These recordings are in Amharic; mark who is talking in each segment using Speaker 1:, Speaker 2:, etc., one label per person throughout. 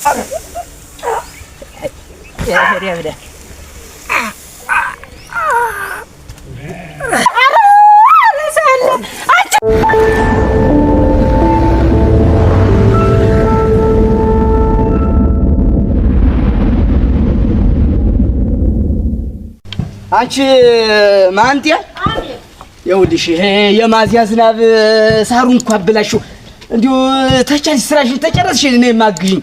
Speaker 1: አንቺ ማንቲያ ይኸውልሽ፣ ይሄ የማዚያ ዝናብ ሳሩን እንኳን ብላሽው እንዲሁ ተቻልሽ ስራሽን ተጨረስሽ፣ እኔ ማግዥኝ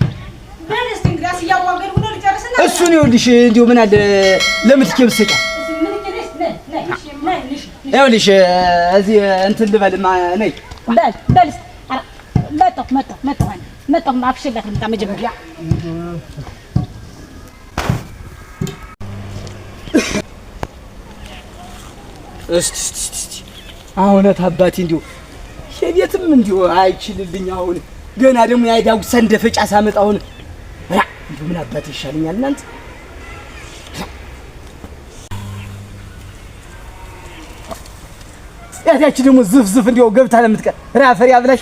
Speaker 1: እሱን ይኸውልሽ፣ እንዲሁ ምን አለ ለምትኬ ብትሰጪ ይኸውልሽ፣ እዚህ እንትን ልበልማ ነይ
Speaker 2: በል በል መጣሁ መጣሁ መጣሁ መጣሁ ልምጣ መጀመሪያ
Speaker 1: እስቲ እስቲ አባቴ እንዲሁ የቤትም እንዲሁ አይችልልኝ። አሁን ገና ደግሞ የአይዳጉ ሰንደፈጫ ሳመጣ አሁን እንዲሁ ምን አባት ይሻለኛል እናንተ ያቺ ደግሞ ዝፍ ዝፍ እንዲያው ገብታ የምትቀር ራፈሪ አብላሽ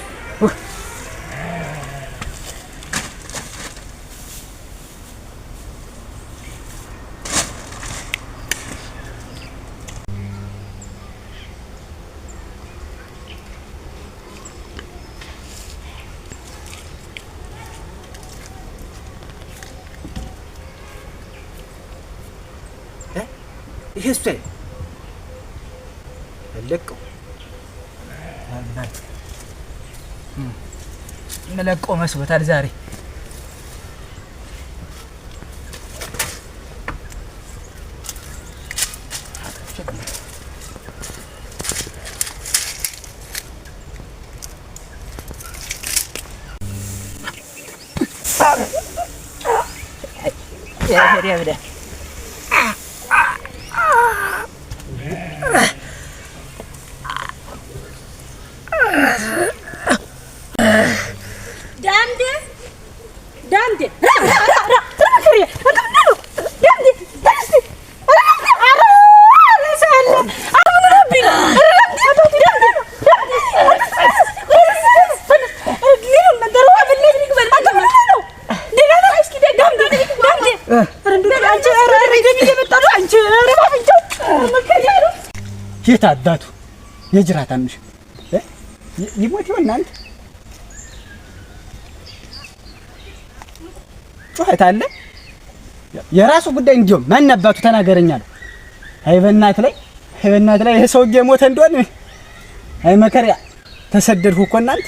Speaker 1: ይሄ ስታይ ለቀው ለቆ መስበታል ዛሬ Yeah, yeah, yeah. የት አባቱ የጅራት ይሞት ይሆን ጩኸት አለ የራሱ ጉዳይ እንዲሁም ማን አባቱ አይ በእናት ላይ አይ በእናት ላይ ይሄ ሰውዬ ሞተ እንደሆነ አይ መከሪያ ተሰደድኩ እኮ እናንተ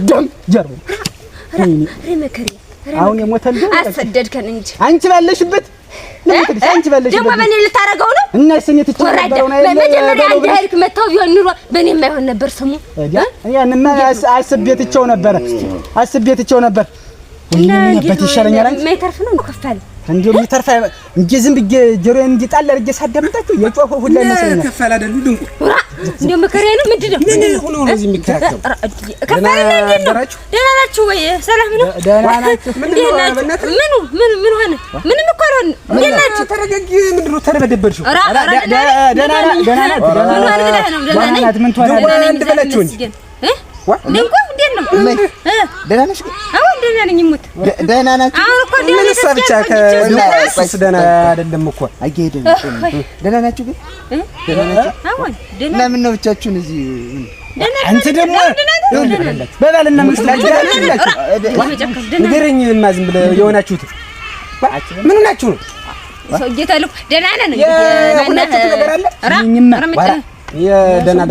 Speaker 1: ጉዳም ጀርቡ አሁን የሞተል
Speaker 2: አሰደድከን እንጂ
Speaker 1: አንቺ ባለሽበት አንቺ
Speaker 2: ባለሽበት ደግሞ ነው እና ነው አንድ ሄድክ መታው ቢሆን ኑሮ የማይሆን ነበር ስሙ
Speaker 1: ያንማ አስቤ ትቼው ነበር አስቤ ትቼው ነበር ምን ይሻለኛል
Speaker 2: አንቺ ነው
Speaker 1: እንደው የሚተርፋ እንጂ ዝም ብዬ ጆሮዬን እንጂ አድርጌ ሳዳምጣችሁ የጮኸ
Speaker 2: ሁላ ይመስለኛል። ከፋላ አይደሉ ድንቁ እንደው መከራ ነው። ምንድን ነው
Speaker 1: ምን ሆኖ ነው እዚህ የሚከራከሩ?
Speaker 2: ከፋላ ነው። ነው? ደህና ናችሁ ወይ? ሰላም ነው?
Speaker 1: ደህና ናችሁ?
Speaker 2: ምንድን ምን ምን ሆነ? ምንም እኮ ነው።
Speaker 1: እንዴት ናችሁ? ተረጋጊ። ምንድን ነው ተደበደብሽው? ደህና ደህና ደህና ደህና ምን ደህና ምን
Speaker 2: ደህና ደህና ምን ደህና ደህና
Speaker 1: ምን ደህና ደህና
Speaker 2: ምን ደህና ነኝ። ሙት
Speaker 1: ደህና ናችሁ? ብቻ ከእሱስ ደህና አይደለም እኮ አየሄድን። ደህና ናችሁ ግን? ለምን ነው ብቻችሁን እዚህ? አንተ ደግሞ በባልና ሚስት ንገረኝማ፣ ዝም ብለህ የሆናችሁት ምኑ ናችሁ ነው?
Speaker 2: ጌታ ልኩ ደህና ነን።
Speaker 1: የሆናችሁት
Speaker 2: ነገር
Speaker 1: አለ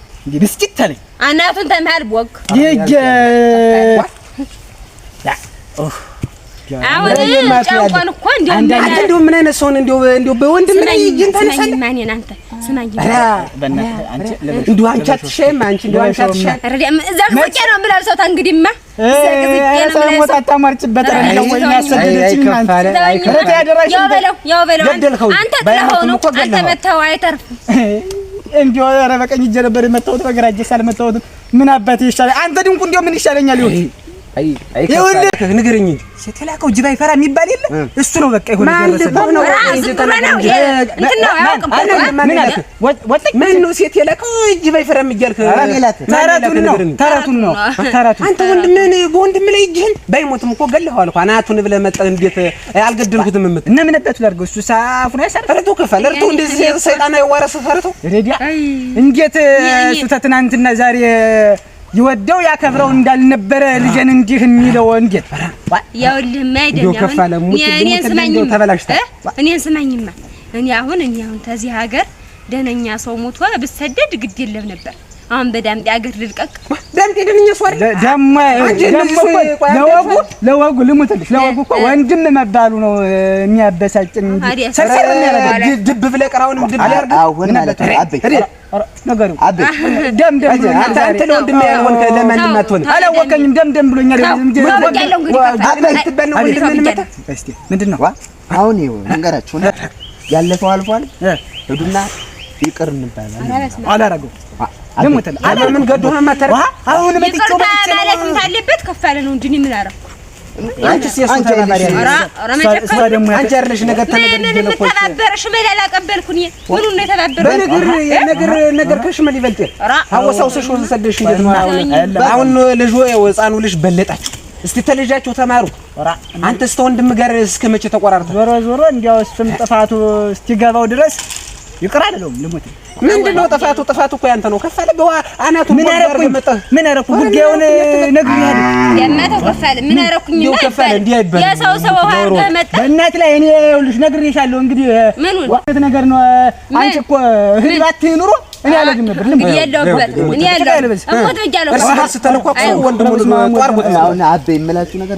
Speaker 1: እንዴ ብስጭት አለኝ።
Speaker 2: አናቱን ተማር ቦክ
Speaker 1: ጀጀ እንደው ምን አይነት ሰውን እንደው እንደው በወንድም
Speaker 2: ላይ ይንተነሳል። ማኔን አንተ
Speaker 1: እንዲያው ኧረ በቀኝ እጄ ነበር የመታሁት፣ በግራ እጄ ሳልመታሁትም ምን አባቴ ይሻለኝ። አንተ ድንቁ እንዲያው ምን ይሻለኛል ይሁን ንገረኝ እንጂ ጅብ አይፈራ የሚባል የለ። እሱ ነው በቃ የሆነ አንተ ወንድምህን በወንድም ላይ እጅህን ባይሞትም እኮ ገለኸዋል አናቱን ብለህ መጣህ። እንዴት አልገደልኩትም የምትል እነ ላድርገው። እሱ ሳፉን አይሰራ እርቱ ክፈል እርቱ እንደዚህ ሰይጣን አይዋረስህ። ፈርቶ እንዴት እሱ ተትናንትና ዛሬ ይወደው ያከብረው እንዳልነበረ ልጄን እንዲህ የሚለው እንዴት
Speaker 2: እኔን ስማኝማ እኔ አሁን እኔ አሁን ተዚህ ሀገር ሰው ሞቷ ብሰደድ ግድ የለም ነበር አሁን በዳምጤ አገር ልልቀቅ።
Speaker 1: ዳምጤ ለወጉ ልሙትልሽ። ለወጉ እኮ ወንድም መባሉ ነው የሚያበሳጭን እንጂ ያለፈው አልፏል። ሂዱና ይቅር እንባላለን። አላረገው ለምን ገዶ ነው የማታረግ?
Speaker 2: አሁን መጥቼው ማለት እንዳለበት ከፍ ያለ ነው እንጂ ምን አደረኩ?
Speaker 1: አንቺ ሲያስን ተባባሪ
Speaker 2: አረ አንቺ አይደለሽ ነገር ተነገር ምን ተባበረ ሽመል አላቀበልኩ እኔ ምን ነው የተባበረ
Speaker 1: በነገር ነገር ነገር ከሽመል ይበልጥ አወሳውሰሽ ወሰደሽ እንዴት ነው አሁን ልጅ ወይ ህፃኑ ልጅ በለጣችሁ እስቲ ተለጃቸው ተማሩ። አንተ እስከ ወንድም ጋር እስከ መቼ ተቆራርተ ዞሮ ዞሮ እንዲያው እሱም ጥፋቱ እስኪገባው ድረስ ይቅር አይደለም። ልሙት ምንድን ነው ጥፋቱ? ጥፋቱ እኮ ያንተ ነው። ከፍ አለ አናቱ ምን አረኩኝ? ምን ጉዳዩን ነግሬሃለሁ።
Speaker 2: ከፍ አለ ምን ከፍ አለ የሰው ሰው መጣ
Speaker 1: በእናት ላይ እኔ ይኸውልሽ ነግሬሻለሁ። እንግዲህ ወቅት ነገር ነው። አንቺ እኮ ኑሮ እኔ ነበር።
Speaker 2: ያለውበት አቤ
Speaker 1: የምላችሁ ነገር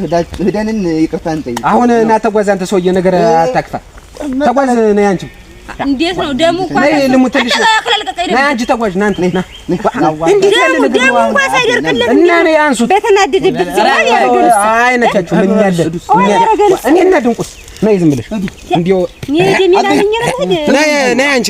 Speaker 1: አሁን እና ተጓዝ አንተ ሰውዬ ነገር አታክፋ ተጓዝ ነው
Speaker 2: እንዴት ነው ደሙ እንኳን
Speaker 1: ተጓዥ እናንተ ነይና
Speaker 2: እንዴት ያለ ደሙ እንኳን ሳይደርቅለት
Speaker 1: ነይ ዝም ብለሽ እንዴው ነይ አንቺ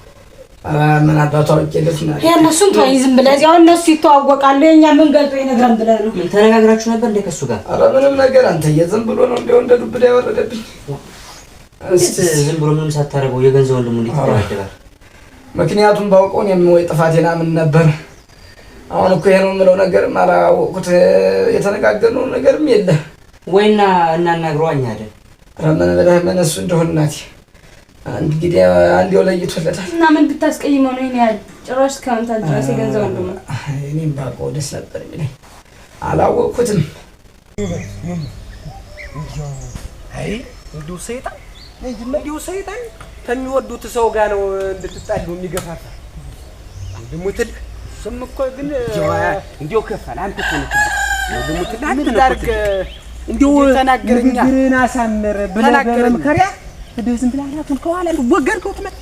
Speaker 1: ምን አባቱ አውቄ
Speaker 2: እነሱን ተወኝ ዝም ብለህ እዚያው እነሱ ይተዋወቃሉ። የእኛ ምን ገልጦ ይነግራል ብለህ
Speaker 1: ነው። ተነጋግራችሁ ነበር እንደ ከእሱ ጋር? ኧረ ምንም ነገር አንተዬ፣ ዝም ብሎ ነው እንዲያው እንደ ዱብዳ ያወረደብኝ። ዝም ብሎ ምንም ሳታደርገው የገንዘብ ወንድሙ እንዴት ይደባደባል? ምክንያቱም ባውቀው እኔም ወይ ጥፋቴና ምን ነበር አሁን እኮ ይሄን የምለው ነገር አላወቅሁት። የተነጋገርነው ነገርም የለ ወይና እናናግረዋኝ አይደል? ኧረ ምን ብለህ ምን እሱ እንደሆነ እናቴ እንግዲህ አንዴው ለይቶለታል
Speaker 2: እና ምን ብታስቀይመው ነው? ያህል ጭራሽ እስከመምታት ድረስ የገንዘብ ወንድሙ
Speaker 1: እኔም ባውቀው ደስ ነበር የሚለኝ አላወቅኩትም። እንዲሁ ሰይጣን እንዲሁ ሰይጣን ከሚወዱት ሰው ጋር ነው እንድትጣሉ የሚገፋፋ ወንድሙ ስም እኮ ግን እንዲው ከፋል። አንተ እኮ ነው ምን ላድርግ እንዲው ተናገረኛ ግርን አሳምር ብለህ በመምከሪያ
Speaker 2: ሄደህ ዝም ብለህ አናቱን ከኋላ ወገድከው ትመጣ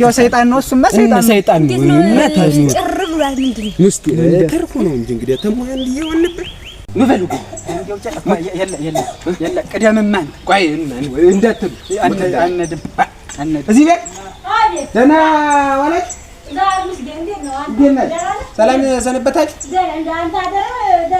Speaker 1: ዱዓ ሰይጣን ነው እሱማ፣ ሰይጣን
Speaker 2: ነው ጭር
Speaker 1: ነው እንጂ እንግዲህ ተሟን እየሆን ነበር ምፈልጉ ሰላም ሰነበታችሁ።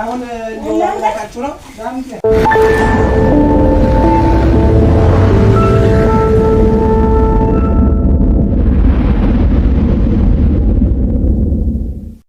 Speaker 1: አሁን እንደው አላካችሁ ነው።